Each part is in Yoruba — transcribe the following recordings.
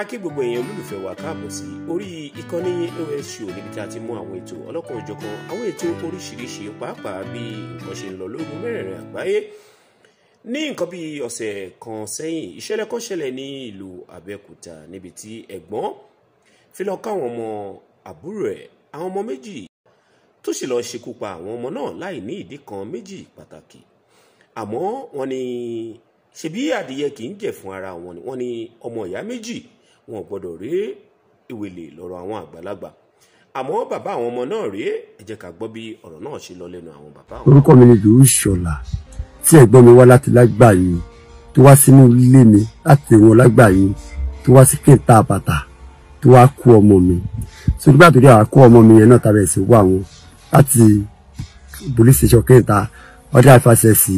a kí gbogbo èèyàn olólùfẹ́ wa káàbọ̀ sí orí ìkànnì osu níbi tá a ti mú àwọn ètò ọlọ́kan òjọ̀kan àwọn ètò oríṣiríṣi pàápàá bí nǹkan ṣe ń lọ lóògùn mẹ́rẹ̀ẹ̀rin àgbáyé ní nǹkan bí ọ̀sẹ̀ kan sẹ́yìn ìṣẹ̀lẹ̀ kan ṣẹlẹ̀ ní ìlú Abẹ́òkúta níbi tí ẹ̀gbọ́n fi lọ káwọn ọmọ àbúrò ẹ̀ àwọn ọmọ méjì tó sì lọ́ọ́ ṣekú pa àwọn ọmọ náà láì ní ìdí kan méjì pàtàkì àmọ́ wọ́n ní ṣebí adìyẹ kì í jẹ fún ara wọn ni wọ́n ní ọmọ ìyá méjì wọn ò gbọ́dọ̀ rí ìwèlè lọ́rọ̀ àwọn àgbàlagbà àmọ́ bàbá àwọn ọmọ náà rí ẹ jẹ́ ká gbọ́ bí ọ̀rọ̀ náà ṣe lọ lẹ́nu àwọn bàbá àwọn. orúkọ mi ni dùrú ṣọlá tí ẹ̀gbọ́n mi wá láti lágbàáyé tó wá sínú ilé mi láti wọn lágbàáyé tó wá sí kẹta àbàtà tó wá kú ọmọ mi tó nígbà tó dé àwọn kú ọmọ mi yẹn náà tàbí ẹsẹ wà wọn láti police station kẹta ọdẹ àfàṣẹ sí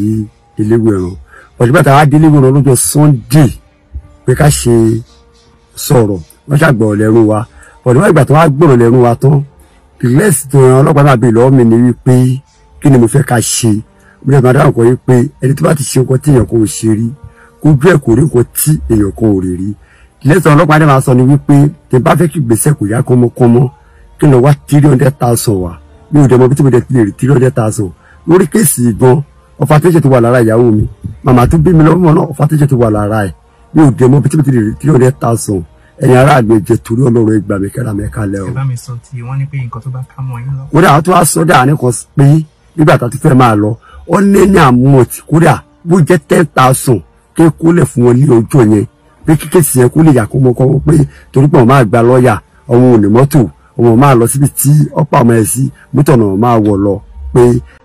iléwé ẹran ọdún bàtà wá dé iléwé ẹran lọ́jọ́ Sunday pé ká ṣe sọ̀rọ̀ wọ́n ṣàgbọ̀rọ̀ lẹ́rú wa pọ̀lú wọn ìgbà tó wá gbọ̀rọ̀ lẹ́rú wa tán ìrẹsì tó ran ọlọ́pàá náà bèèrè lọ́wọ́ mi ni wípé kí ni mo fẹ́ ká ṣe mo ní àbádá nǹkan yìí pé ẹni tó bá ti ṣe nǹkan tí èèyàn kò ṣe rí kójú ẹ̀ kò rí nǹkan tí èèyàn kò rí rí lẹ́sọ̀ ọlọ́pàá náà máa sọ ni wípé tí bá fẹ́ kí gbèsè kò yá kọ́mọkọ́mọ kí lọ wá three hundred thousand wà mi ò dẹ̀ mọ bí tí mo dẹ̀ ti lè rí three hundred thousand lórí kéèsì gan ọ̀fà tó ṣe ti wà lára ìyàwó mi màmá tó bí mi lọ́wọ́ náà ọ̀fà tó ṣe ti bí tí mo ti lè rí three hundred thousand ẹ̀yin ará àgbèjẹ torí ọlọ́run ẹgbà mi kẹ́ra mi kalẹ̀ o. ẹ bá mi sọ ti wọ́n ní pé nǹkan tó bá ká mọ́ yín lọ. kódà wọ́n tún wá sọ dáhàní kan pé nígbà tá a ti fẹ́ máa lọ ó lé ní àmọ́tì kódà bó jẹ́ ten thousand ké kó lè fún wọn ní ọjọ́ yẹn pé kíkẹ́sì yẹn kó lè yà kó mọ kọ́ pé torí pé wọ́n máa gba lọ́ọ̀yà ọmọ òní mọ́tò ọmọ máa lọ síbi tí ọ̀pá ọmọ ẹ̀ sí mọ́tò ọ̀nà máa wọ̀ lọ pé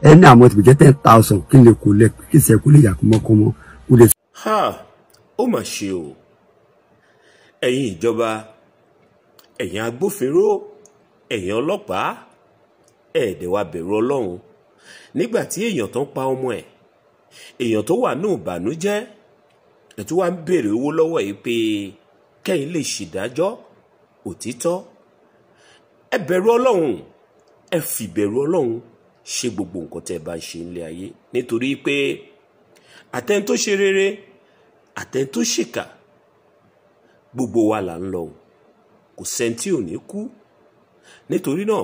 ẹni àmọ́tì bó jẹ́ ten thousand kí lè kó lẹ̀ kíkẹ́sì yẹn kó lè yà kó mọ́ kọ́ mọ́ kó lè. ha ó mà ṣe o ẹ̀yin ìjọba ẹ̀yin agbófinró ẹ̀yin ọlọ́pàá ẹ̀ẹ́dẹ̀ wa bẹ̀rù ọlọ́run nígbà tí èèyàn tó ń pa ọmọ ẹ̀ èèyàn tó wà ní ìbànújẹ́ ẹ̀ tó wà ń béèrè owó lọ́wọ́ yìí pé kẹ́yìn lè ṣèdájọ́ òtítọ́ ẹ bẹ̀rù ọlọ́run ẹ fìbẹ̀rù ọlọ́run ṣe gbogbo nǹkan tẹ́ ẹ bá ń ṣe nílé ayé nítorí pé àtẹni ṣe rere àtẹni ṣèkà gbogbo wa là ń lọ kò sẹ́ni tí ò ní kú nítorí náà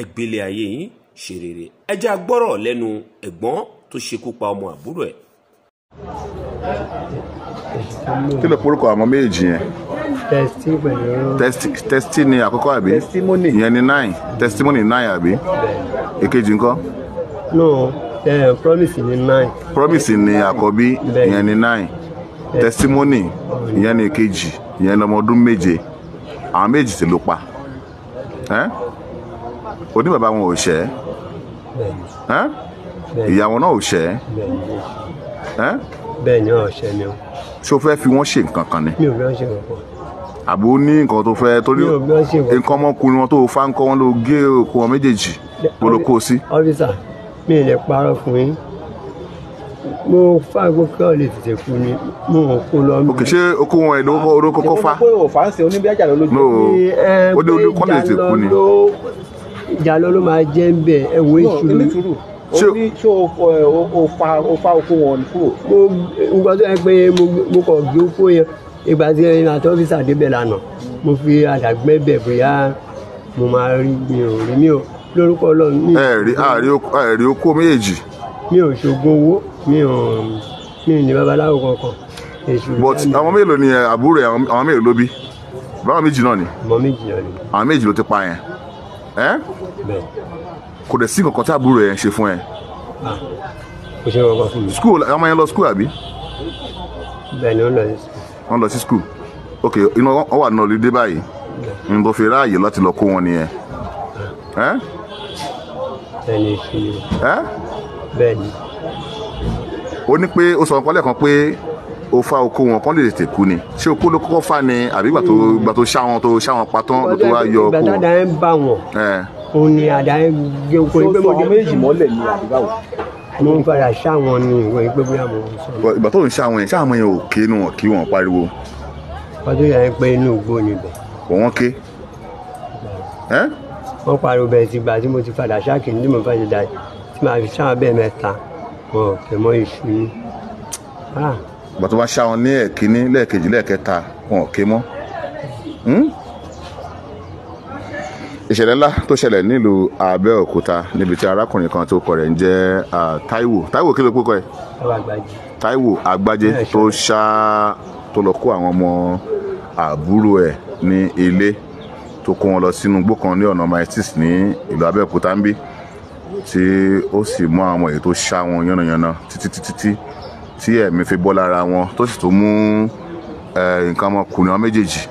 ẹgbẹ́lẹ̀ ayé yín ṣe rere ẹ jẹ́ agbọ́rọ̀ lẹ́nu ẹ̀gbọ́n tó ṣekú pa ọmọ àbúrò ẹ̀. kí ló porúkọ àwọn méjì yẹn. testi ni àkọ́kọ́ àbí. testimony. ìyẹn ni nine testimony nine àbí. èkejì ńkọ́. no eh, promise ni nine. promise ni àkọ́bí ìyẹn ni nine testimony ìyẹn ní kejì ìyẹn ní ọmọ ọdún méje àwọn méjì sì ló pa oní bàbá wọn ò ṣẹ̀ ìyàwó náà ò ṣẹ̀ bẹ́ẹ̀ ni wọn ò o. ṣé o fẹ́ fi wọ́n ṣe nǹkan kan ni. mi ò fi wọ́n ṣe nǹkan kan àbò ní nǹkan tó fẹ́ torí nǹkan ọmọkùnrin wọn tó fa ń kọ́ wọn ló gé òkú wọn méjèèjì mo ló kó o sí. ọ́fíìsà mi ò lè parọ́ fún yín mo fa gbogbo ọ̀lẹ́ tètè kú ni mo kó lọ. ok ṣé o kó wọn ìdánwò oró kọ́kọ́ fa. ìdánwò oró fa ń sè ló lójú. ó dé orí kọ́lẹ̀ tètè kú ni. ìjà ló máa jẹ́ ń bẹ̀ ẹ̀wọ̀ èṣù ṣe o ní o fa o fa oko wọn kúrò. mo nǹkan tó yẹ pé mo kàn gbé oko yẹn ìgbà tí ẹni àti ọ́fíìsì àdébẹ̀ lànà mo fi àdàgbẹ́bẹ̀ bóyá mo máa rí mi ò rí mi ò lórúkọ ọlọ́run. ẹ rí oko méjèèjì mi ò ṣògùn owó mi ò mi ò ní babaláwo kankan. but àwọn mélòó ni eh, àbúrò ẹ àwọn mélòó ló bí báwo méjì náà ni. mọ méjì náà ni. àwọn méjì ló ti pa yẹn. ẹ. bẹ́ẹ̀. kò dẹ̀ sí kankan tí àbúrò yẹn ṣe fún ẹ. kò ṣe kankan fún mi. school ọmọ yẹn lọ school àbí. bẹ́ẹ̀ ni ó lọ sí school. wọ́n lọ sí school ok iná wọn wà nínú olùdé báyìí n tó fi ráàyè láti lọ kó wọn nìyẹn. ẹ. ẹni bẹ́ẹ̀ni. o ní pé o sọ nǹkan lẹ́ẹ̀kan pé o fa oko wọn kán lè tètè kú ni ṣé oko ló kọ́kọ́ fa ni àbí ìgbà tó ìgbà tó ṣá wọn tó ṣá wọn pa tán ló tó wá yọ oko wọn. ìgbà tá ń bá wọn òun ni àdá ń gé oko ní pé mo méjì mọ́lẹ̀ ni àbíbá wò mo ń padà ṣáwọn ni ìwé pé bóyá mo sọ. ìgbà tó ń ṣáwọn yẹn ṣáwọn yẹn ò ké nu wọn kí wọn pariwo. wọ́n yà ń pé inú igbó ni bẹ̀. kò wọ́n ké. wọ́n pariwo bẹ́ẹ̀ ti gbà tí mo ti padà ṣáàkì ní máa fi sáwọn bẹ́ẹ̀ mẹ́ta wọn ò kẹ́ mọ́ iṣu yìí. ìgbà tó bá ṣá wọn ní ẹ̀kíní lẹ́ẹ̀kejì lẹ́ẹ̀kẹta wọn ò ké mọ́. Hmm? ìṣẹ̀lẹ̀ ńlá tó ṣẹlẹ̀ nílùú Abẹ́òkúta níbi tí arákùnrin kan tó kọ rẹ̀ ń jẹ́ Táíwò Táíwò kí ló pé kọ́ ẹ̀. Táíwò Àgbájé tó ṣá tó lọ kó àwọn ọmọ àbúrò ẹ̀ ní ilé tó kó wọn lọ sínú igbó kan ní ọ̀nà mile ní ìlú Abẹ́òkúta ń bí tí ó sì mú àwọn èyí tó ṣá wọn yánnayànna títí títí tí tí ẹ̀mí fi bọ́ lára wọn tó sì tún mú nǹkan ọmọkùnrin wọn méjèèjì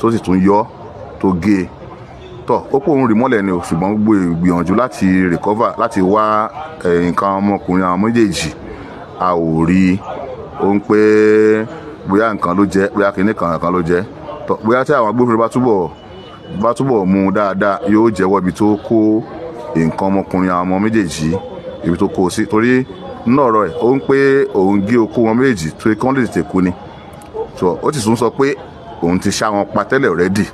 tó sì tún yọ tó gé e tọ ó pò ń rì mọ́lẹ̀ ni o ṣùgbọ́n gbogbo ìgbìyànjú láti recover láti wá nǹkan ọmọkùnrin àwọn méjèèjì a ò rí i ó ń pé bóyá nǹkan ló jẹ́ bóyá kinní kan nǹkan ló jẹ́ tọ bóyá tí àwọn agbófinró bá túbọ̀ bá túbọ̀ mú un dáadáa yóò jẹ́wọ́ ibi tó kó nǹkan ọmọkùnrin àwọn ọmọ méjèèjì ibi tó kó o sí torí nínú ọ̀rọ̀ ẹ̀ ó ń pé òun gé okó wọn méjèèjì tó kí wọ́n lè tètè kú ni so ó sì tún sọ pé òun ti ṣá wọn pa tẹ́lẹ̀ rẹ́dì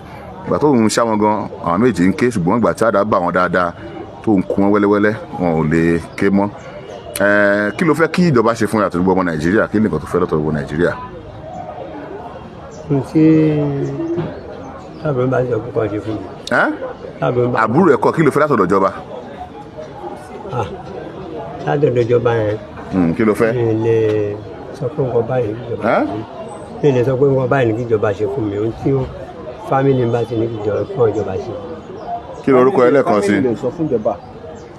ìgbà tó ń ṣá wọn gan àwọn méjèèjì ń ké ṣùgbọ́n ìgbà tí àdá bà wọn dáadáa tó ń kú wọn wẹ́lẹ́wẹ́lẹ́ wọn ò lè ké mọ́ kí ló fẹ́ kí ìjọba ṣe fún àtúgbò ọmọ nàìjíríà kí nìkan tó fẹ́ lọ́tọ̀ gbogbo nàìjíríà. ǹjẹ́ tábìlì bá ṣe ọkùnkan ṣe fún mi àbúrò ẹ̀kọ́ kí ló fẹ́ látọ̀dọ̀ ìjọba. Ah, látọ̀dọ̀ ìjọba yẹn. Hmm, kí ló fẹ́. mi lè sọ pé nǹkan báyìí níjọba mi lè sọ pé nǹkan báyìí níjọba ṣe fún mi ohun tí fámìlì ń bá ti ní ìjọba fún ìjọba ṣe. kí lorúkọ ẹ lẹ́ẹ̀kan sí.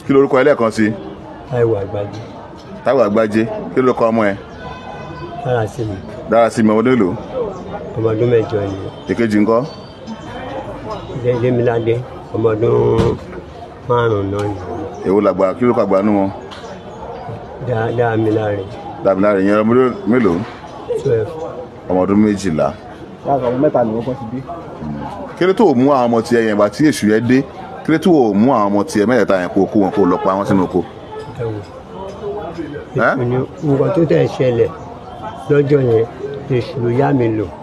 kí lorúkọ ẹ lẹ́ẹ̀kan sí. Táíwò Àgbájé. Táíwò Àgbájé kí lorúkọ ọmọ ẹ. Dárasími. Dárasími ọmọdé lò. ọmọdún mẹ́jọ ni. èkejì ńkọ́. Lémiládé ọmọ ọdún márùn-ún náà ni. èwo làgbà kí ló kàgbà nú wọn. Dámiláre. Dámiláre yẹn ọmọdé mélòó. twelve. ọmọ ọdún méjìlá. láti ọmọ mẹ́ta ni wọ́n kọ́ sí bí. Hmm. kí ló tó mú àwọn ọmọ tiẹ̀ yẹn bá tí èṣù yẹn dé kí ló o mú àwọn ọmọ tiẹ̀ mẹ́tẹ̀ẹ̀ta yẹn kó kó wọn kó lọ pa wọn sínú oko. nǹkan tó tẹ̀ ṣẹlẹ̀ lọ́jọ́ yẹn èṣù yá mi lò.